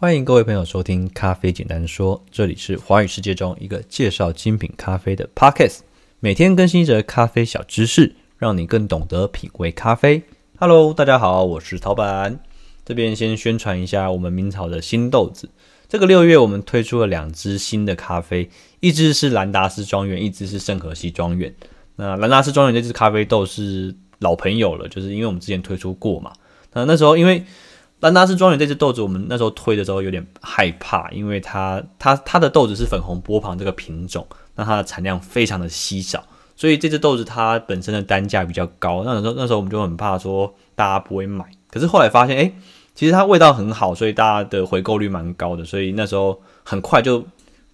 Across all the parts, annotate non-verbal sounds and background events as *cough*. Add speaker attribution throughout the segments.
Speaker 1: 歡迎各位朋友收聽《咖啡簡單說》，這裡是華語世界中一個介紹精品咖啡的 podcast，每天更新一則咖啡小知識，讓你更懂得品味咖啡。Hello，大家好，我是陶板，這邊先宣傳一下我們茗草的新豆子。這個六月我們推出了兩支新的咖啡，一支是蘭達斯莊園，一支是聖荷西莊園。那蘭達斯莊園這支咖啡豆是老朋友了，就是因為我們之前推出過嘛。那那時候因為但拉氏莊園這隻豆子，我們那時候推的時候有點害怕，因為它它它的豆子是粉紅波旁這個品種，那它的產量非常的稀少，所以這隻豆子它本身的單價比較高。那時候那時候我們就很怕說大家不會買，可是後來發現，哎、欸，其實它味道很好，所以大家的回購率蠻高的，所以那時候很快就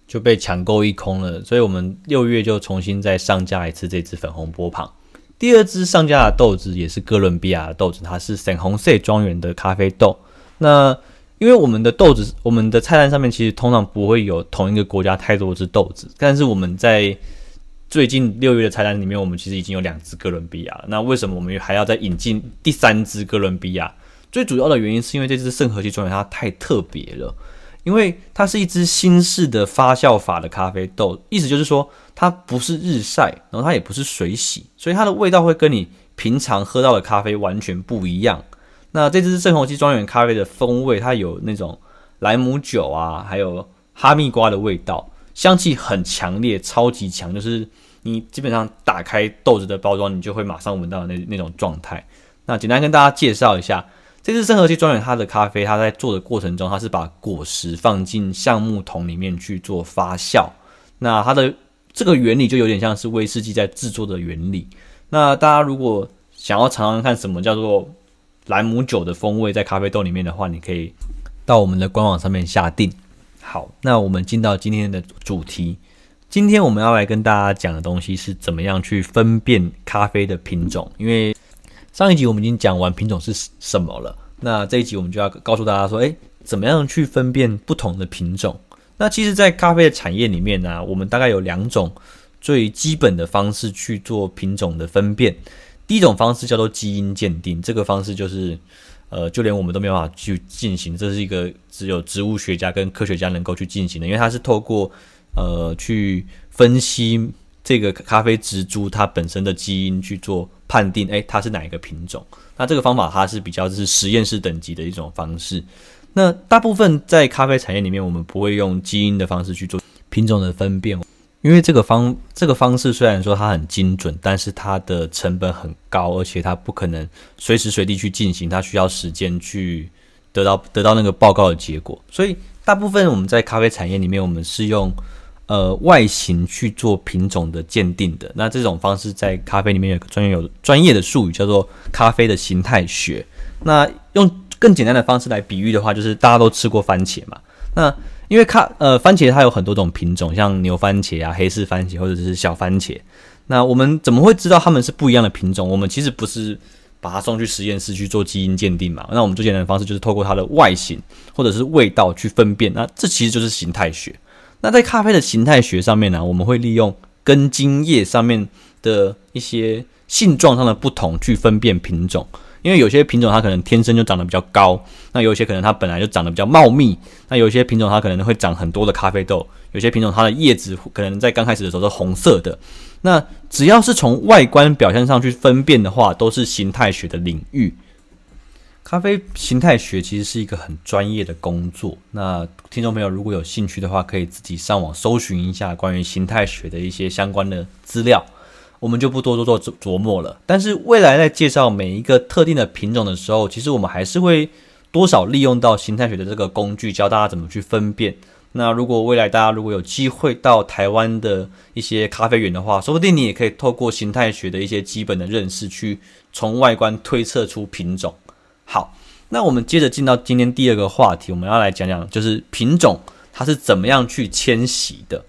Speaker 1: 就被搶購一空了。所以我們六月就重新再上架一次這隻粉紅波旁。第二支上架的豆子也是哥倫比亞的豆子，它是聖荷西莊園的咖啡豆。那因為我們的豆子，我們的菜單上面其實通常不會有同一個國家太多只豆子，但是我們在最近六月的菜單裡面，我們其實已經有兩只哥倫比亞。那為什麼我們還要再引進第三只哥倫比亞？最主要的原因是因為這只聖荷西莊園它太特別了。因為它是一支新式的發酵法的咖啡豆，意思就是說它不是日曬，然後它也不是水洗，所以它的味道會跟你平常喝到的咖啡完全不一樣。那這支正紅旗莊園咖啡的風味，它有那種萊姆酒啊，還有哈密瓜的味道，香氣很強烈，超級強，就是你基本上打開豆子的包裝，你就會馬上聞到那那種狀態。那簡單跟大家介紹一下。這是聖何塞莊園，它的咖啡，它在做的過程中，它是把果實放進橡木桶裡面去做發酵。那它的這個原理就有點像是威士忌在製作的原理。那大家如果想要嘗嘗看什麼叫做蘭姆酒的風味在咖啡豆裡面的話，你可以到我們的官網上面下訂。好，那我們進到今天的主題。今天我們要來跟大家講的東西是怎麼樣去分辨咖啡的品種，因為上一集我們已經講完品種是什麼了。那這一集我們就要告訴大家說，欸，怎麼樣去分辨不同的品種？那其實，在咖啡的產業裡面呢，我們大概有兩種最基本的方式去做品種的分辨。第一種方式叫做基因鑑定，這個方式就是，呃，就連我們都沒有辦法去進行，這是一個只有植物學家跟科學家能夠去進行的，因為它是透過呃去分析。這個咖啡植株它本身的基因去做判定，誒，它是哪一個品種？那這個方法它是比較是實驗室等級的一種方式。那大部分在咖啡產業裡面，我們不會用基因的方式去做品種的分辨，因為這個方這個方式雖然說它很精準，但是它的成本很高，而且它不可能隨時隨地去進行，它需要時間去得到得到那個報告的結果。所以大部分我們在咖啡產業裡面，我們是用。呃，外形去做品種的鑑定的，那這種方式在咖啡裡面有個專業有專業的術語叫做咖啡的形態學。那用更簡單的方式來比喻的話，就是大家都吃過番茄嘛。那因為咖呃番茄它有很多種品種，像牛番茄啊、黑市番茄或者是小番茄。那我們怎麼會知道它們是不一樣的品種？我們其實不是把它送去實驗室去做基因鑑定嘛。那我們最簡單的方式就是透過它的外形或者是味道去分辨。那這其實就是形態學。那在咖啡的形態學上面呢、啊，我們會利用根莖葉上面的一些性狀上的不同去分辨品種，因為有些品種它可能天生就長得比較高，那有些可能它本來就長得比較茂密，那有些品種它可能會長很多的咖啡豆，有些品種它的葉子可能在剛開始的時候是紅色的，那只要是從外觀表現上去分辨的話，都是形態學的領域。咖啡形態學其實是一個很專業的工作。那聽眾朋友如果有興趣的話，可以自己上網搜尋一下關於形態學的一些相關的資料。我們就不多做做琢磨了。但是未來在介紹每一個特定的品種的時候，其實我們還是會多少利用到形態學的這個工具，教大家怎麼去分辨。那如果未來大家如果有機會到台灣的一些咖啡園的話，說不定你也可以透過形態學的一些基本的認識，去從外觀推測出品種。好，那我們接着進到今天第二個話題，我們要來講講就是品種它是怎麼樣去遷徙的。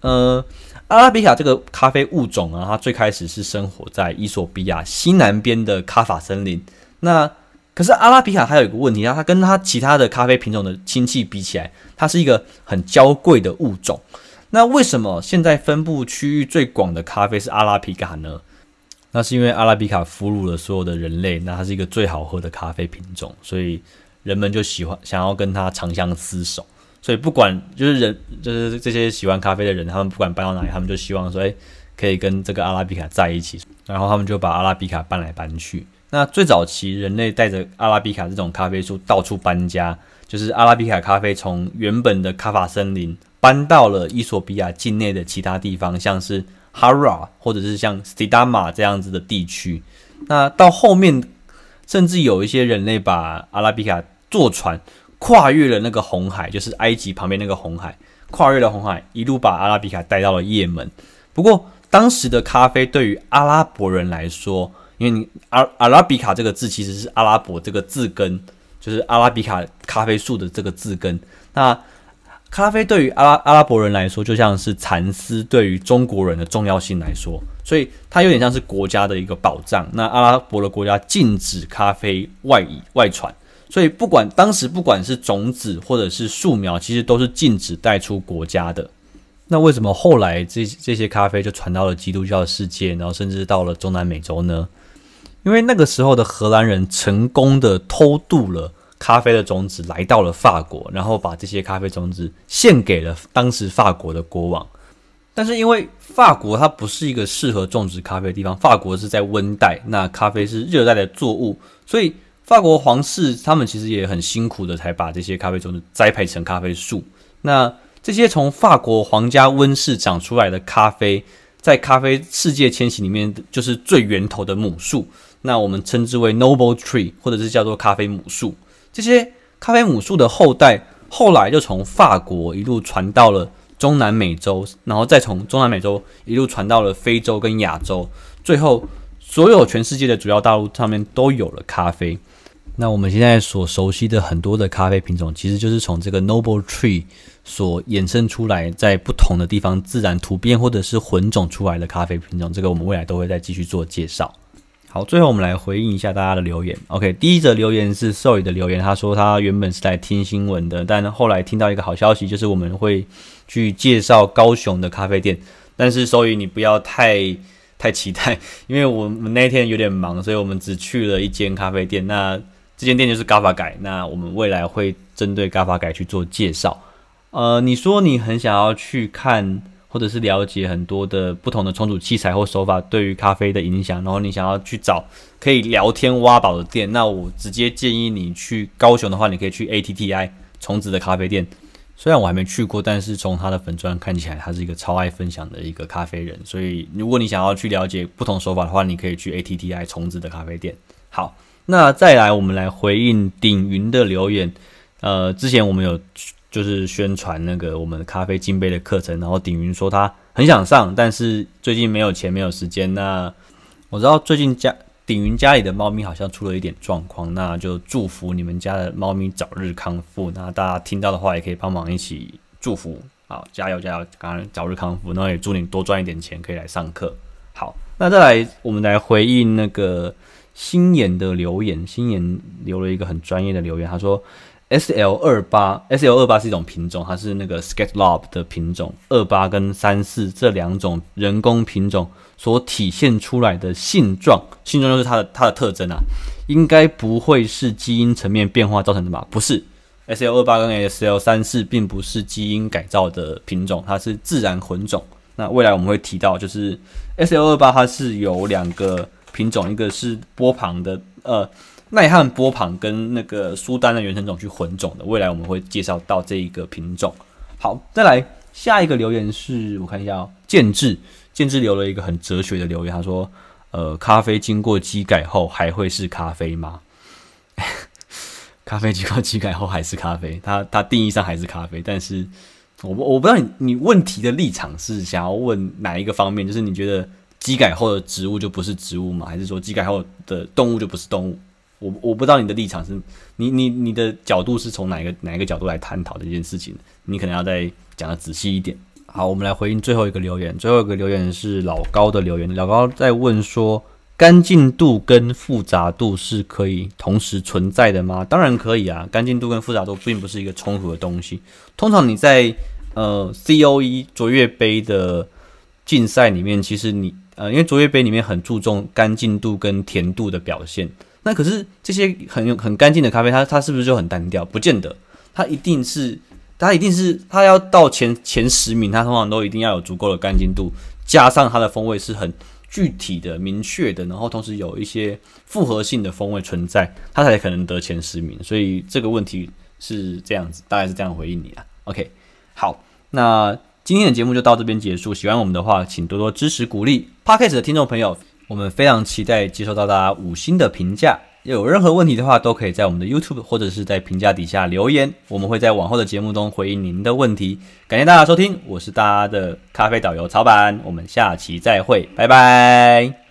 Speaker 1: 呃，阿拉比卡這個咖啡物種啊，它最開始是生活在伊索比亞西南邊的卡法森林。那可是阿拉比卡還有一個問題啊，它跟它其他的咖啡品種的親戚比起來，它是一個很嬌貴的物種。那為什麼現在分布區域最廣的咖啡是阿拉比卡呢？那是因為阿拉比卡俘虜了所有的人類，那它是一個最好喝的咖啡品種，所以人們就喜歡想要跟它長相廝守。所以不管就是人就是這些喜歡咖啡的人，他們不管搬到哪裡，他們就希望說，哎、欸，可以跟這個阿拉比卡在一起。然後他們就把阿拉比卡搬來搬去。那最早期人類帶着阿拉比卡這種咖啡樹到處搬家，就是阿拉比卡咖啡從原本的卡法森林。搬到了伊索比亞境內的其他地方，像是哈拉，或者是像西達摩這樣子的地區。那到後面，甚至有一些人類把阿拉比卡坐船跨越了那個紅海，就是埃及旁邊那個紅海，跨越了紅海，一路把阿拉比卡帶到了也門。不過，當時的咖啡對於阿拉伯人來說，因為你“阿阿拉比卡”這個字其實是阿拉伯這個字根，就是阿拉比卡咖啡樹的這個字根。那咖啡對於阿拉阿拉伯人來說，就像是蠶絲對於中國人的重要性來說，所以它有點像是國家的一個寶藏。那阿拉伯的國家禁止咖啡外移外傳，所以不管當時，不管是種子或者是樹苗，其實都是禁止帶出國家的。那為什麼後來這這些咖啡就傳到了基督教世界，然後甚至到了中南美洲呢？因為那個時候的荷蘭人成功的偷渡了。咖啡的種子來到了法國，然後把這些咖啡種子獻給了當時法國的國王。但是因為法國它不是一個適合種植咖啡的地方，法國是在溫帶，那咖啡是熱帶的作物，所以法國皇室他們其實也很辛苦的才把這些咖啡種子栽培成咖啡樹。那這些從法國皇家溫室長出來的咖啡，在咖啡世界遷徙裡面就是最源頭的母樹，那我們稱之為 Noble Tree，或者是叫做咖啡母樹。這些咖啡母樹的後代，後來就從法國一路傳到了中南美洲，然後再從中南美洲一路傳到了非洲跟亞洲，最後所有全世界的主要大陸上面都有了咖啡。那我們現在所熟悉的很多的咖啡品種，其實就是從這個 Noble Tree 所衍生出來，在不同的地方自然突變或者是混種出來的咖啡品種。這個我們未來都會再繼續做介紹。好，最後我們來回應一下大家的留言。OK，第一則留言是壽宇的留言，他說他原本是來聽新聞的，但後來聽到一個好消息，就是我們會去介紹高雄的咖啡店。但是壽宇，你不要太太期待，因為我們那天有點忙，所以我們只去了一間咖啡店。那這間店就是咖法改，那我們未來會針對咖法改去做介紹。呃，你說你很想要去看。或者是了解很多的不同的沖煮器材或手法對於咖啡的影響，然後你想要去找可以聊天挖寶的店，那我直接建議你去高雄的話，你可以去 ATTI 沖煮的咖啡店。雖然我還沒去過，但是從他的粉專看起來，他是一個超愛分享的一個咖啡人。所以如果你想要去了解不同手法的話，你可以去 ATTI 沖煮的咖啡店。好，那再來我們來回應鼎雲的留言。呃，之前我們有。就是宣傳那個我們的咖啡金杯的課程，然後鼎雲說他很想上，但是最近沒有錢，沒有時間。那我知道最近家，鼎雲家裡的貓咪好像出了一點狀況，那就祝福你們家的貓咪早日康復。那大家聽到的話，也可以幫忙一起祝福，好，加油加油，趕早日康復。那也祝你多賺一點錢，可以來上課。好，那再來我們來回應那個新妍的留言，新妍留了一個很專業的留言，他說。S L 二八，S L 二八是一種品種，它是那個 Scott Lab 的品種。二八跟三四這兩種人工品種所體現出來的性狀，性狀就是它的它的特徵啊，應該不會是基因層面變化造成的吧？不是，S L 二八跟 S L 三四並不是基因改造的品種，它是自然混種。那未來我們會提到，就是 S L 二八，它是有兩個品種，一個是波旁的，呃。耐旱波旁跟那個蘇丹的原生種去混種的，未來我們會介紹到這一個品種。好，再來下一個留言是，我看一下哦，建志建志留了一個很哲學的留言，他說：“呃，咖啡經過基改後還會是咖啡嗎？ *laughs* 咖啡經過基改後還是咖啡，它它定義上還是咖啡。但是我我不知道你你問題的立場是想要問哪一個方面，就是你覺得基改後的植物就不是植物嗎？還是說基改後的動物就不是動物？”我我不知道你的立場是你，你你你的角度是從哪一個哪一個角度來探討這件事情？你可能要再講的仔細一點。好，我們來回應最後一個留言。最後一個留言是老高的留言，老高在問說：乾淨度跟複雜度是可以同時存在的嗎？當然可以啊，乾淨度跟複雜度並不是一個衝突的東西。通常你在呃 COE 卓越杯的競賽裡面，其實你呃因為卓越杯裡面很注重乾淨度跟甜度的表現。那可是這些很有很乾淨的咖啡，它它是不是就很單調？不見得，它一定是，它一定是，它要到前前十名，它通常都一定要有足夠的乾淨度，加上它的風味是很具體的、明確的，然後同時有一些複合性的風味存在，它才可能得前十名。所以這個問題是這樣子，大概是這樣回應你啊。OK，好，那今天的節目就到這邊結束。喜歡我們的話，請多多支持鼓勵 Podcast 的聽眾朋友。我們非常期待接收到大家五星的評價。有任何問題的話，都可以在我們的 YouTube 或者是在評價底下留言，我們會在往後的節目中回應您的問題。感謝大家的收聽，我是大家的咖啡導遊曹板，我們下期再會，拜拜。